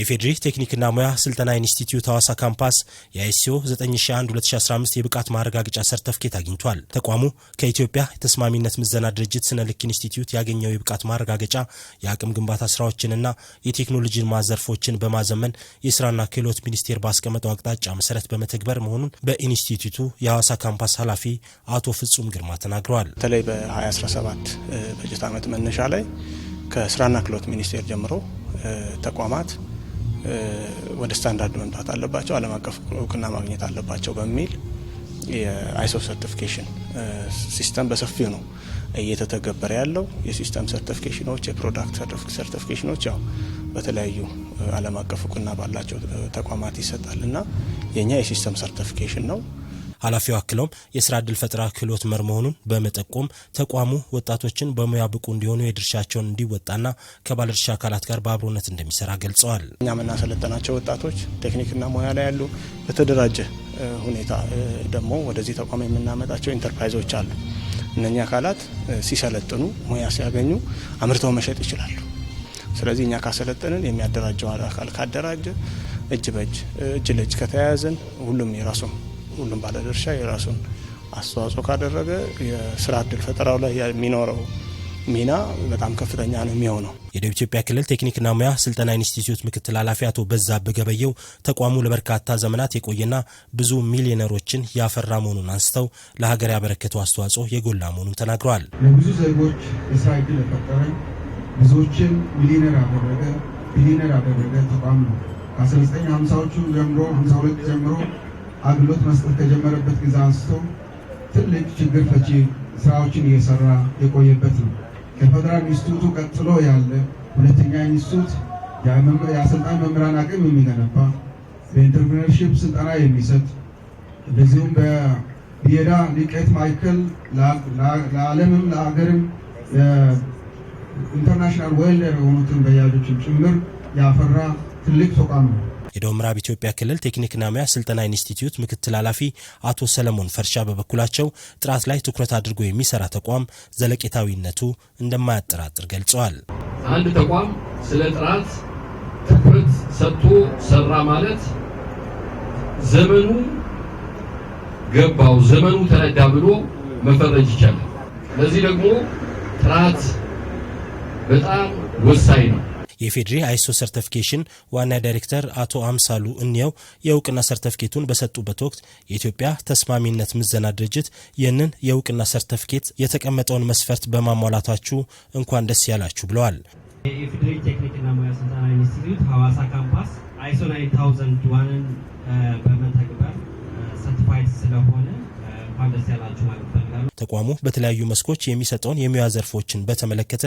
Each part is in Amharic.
የፌዴሪ ቴክኒክና ሙያ ስልጠና ኢንስቲትዩት ሐዋሳ ካምፓስ የአይሲኦ 9001/2015 የብቃት ማረጋገጫ ሰርተፍኬት አግኝቷል። ተቋሙ ከኢትዮጵያ የተስማሚነት ምዘና ድርጅት ስነ ልክ ኢንስቲትዩት ያገኘው የብቃት ማረጋገጫ የአቅም ግንባታ ስራዎችንና የቴክኖሎጂን ማዘርፎችን በማዘመን የስራና ክህሎት ሚኒስቴር ባስቀመጠው አቅጣጫ መሰረት በመተግበር መሆኑን በኢንስቲትዩቱ የሐዋሳ ካምፓስ ኃላፊ አቶ ፍጹም ግርማ ተናግረዋል። በተለይ በ2017 በጀት ዓመት መነሻ ላይ ከስራና ክህሎት ሚኒስቴር ጀምሮ ተቋማት ወደ ስታንዳርድ መምጣት አለባቸው፣ ዓለም አቀፍ እውቅና ማግኘት አለባቸው በሚል የአይሶ ሰርቲፊኬሽን ሲስተም በሰፊው ነው እየተተገበረ ያለው። የሲስተም ሰርቲፊኬሽኖች፣ የፕሮዳክት ሰርቲፊኬሽኖች ያው በተለያዩ ዓለም አቀፍ እውቅና ባላቸው ተቋማት ይሰጣል እና የእኛ የሲስተም ሰርቲፊኬሽን ነው። ኃላፊው አክለውም የስራ እድል ፈጠራ ክህሎት መር መሆኑን በመጠቆም ተቋሙ ወጣቶችን በሙያ ብቁ እንዲሆኑ የድርሻቸውን እንዲወጣና ከባለድርሻ አካላት ጋር በአብሮነት እንደሚሰራ ገልጸዋል። እኛ የምናሰለጠናቸው ወጣቶች ቴክኒክና ሙያ ላይ ያሉ በተደራጀ ሁኔታ ደግሞ ወደዚህ ተቋም የምናመጣቸው ኢንተርፕራይዞች አሉ። እነኚህ አካላት ሲሰለጥኑ ሙያ ሲያገኙ አምርተው መሸጥ ይችላሉ። ስለዚህ እኛ ካሰለጠንን የሚያደራጀው አካል ካደራጀ እጅ በእጅ እጅ ለእጅ ከተያያዘን ሁሉም የራሱም ሁሉም ባለድርሻ የራሱን አስተዋጽኦ ካደረገ የስራ እድል ፈጠራው ላይ የሚኖረው ሚና በጣም ከፍተኛ ነው የሚሆነው። የደቡብ ኢትዮጵያ ክልል ቴክኒክና ሙያ ስልጠና ኢንስቲትዩት ምክትል ኃላፊ አቶ በዛብህ ገበየው ተቋሙ ለበርካታ ዘመናት የቆየና ብዙ ሚሊዮነሮችን ያፈራ መሆኑን አንስተው ለሀገር ያበረከተው አስተዋጽኦ የጎላ መሆኑን ተናግረዋል። ለብዙ ዜጎች የስራ እድል የፈጠረ ብዙዎችን ሚሊዮነር ያደረገ ቢሊዮነር ያደረገ ተቋም ነው። ከ1950ዎቹ ጀምሮ 52 ጀምሮ አገልግሎት መስጠት ከጀመረበት ጊዜ አንስቶ ትልቅ ችግር ፈቺ ስራዎችን እየሰራ የቆየበት ነው። ከፌደራል ኢንስቲቱቱ ቀጥሎ ያለ ሁለተኛ ኢንስቲቱት የአሰልጣኝ መምህራን አቅም የሚገነባ በኢንተርፕሪነርሺፕ ስልጠና የሚሰጥ እንደዚሁም በብሄዳ ሊቀት ማዕከል ለዓለምም ለሀገርም ኢንተርናሽናል ወይልደር የሆኑትን በያጆችን ጭምር ያፈራ ትልቅ ተቋም ነው። የደቡብ ምዕራብ ኢትዮጵያ ክልል ቴክኒክና ሙያ ስልጠና ኢንስቲትዩት ምክትል ኃላፊ አቶ ሰለሞን ፈርሻ በበኩላቸው ጥራት ላይ ትኩረት አድርጎ የሚሰራ ተቋም ዘለቄታዊነቱ እንደማያጠራጥር ገልጸዋል። አንድ ተቋም ስለ ጥራት ትኩረት ሰጥቶ ሰራ ማለት ዘመኑ ገባው፣ ዘመኑ ተረዳ ብሎ መፈረጅ ይቻላል። ለዚህ ደግሞ ጥራት በጣም ወሳኝ ነው። የኢፌድሪ አይሶ ሰርተፊኬሽን ዋና ዳይሬክተር አቶ አምሳሉ እንየው የእውቅና ሰርተፊኬቱን በሰጡበት ወቅት የኢትዮጵያ ተስማሚነት ምዘና ድርጅት ይህንን የእውቅና ሰርተፊኬት የተቀመጠውን መስፈርት በማሟላታችሁ እንኳን ደስ ያላችሁ ብለዋል። ቴክኒክና ሙያ ስልጠና ኢንስቲትዩት ካምፓስ አይሶ በመተግበር ሰርቲፋይድ ስለሆነ እንኳን ደስ ያላችሁ ማለት ፈልጋለሁ። ተቋሙ በተለያዩ መስኮች የሚሰጠውን የሙያ ዘርፎችን በተመለከተ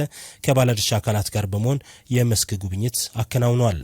ከባለድርሻ አካላት ጋር በመሆን የመስክ ጉብኝት አከናውኗል።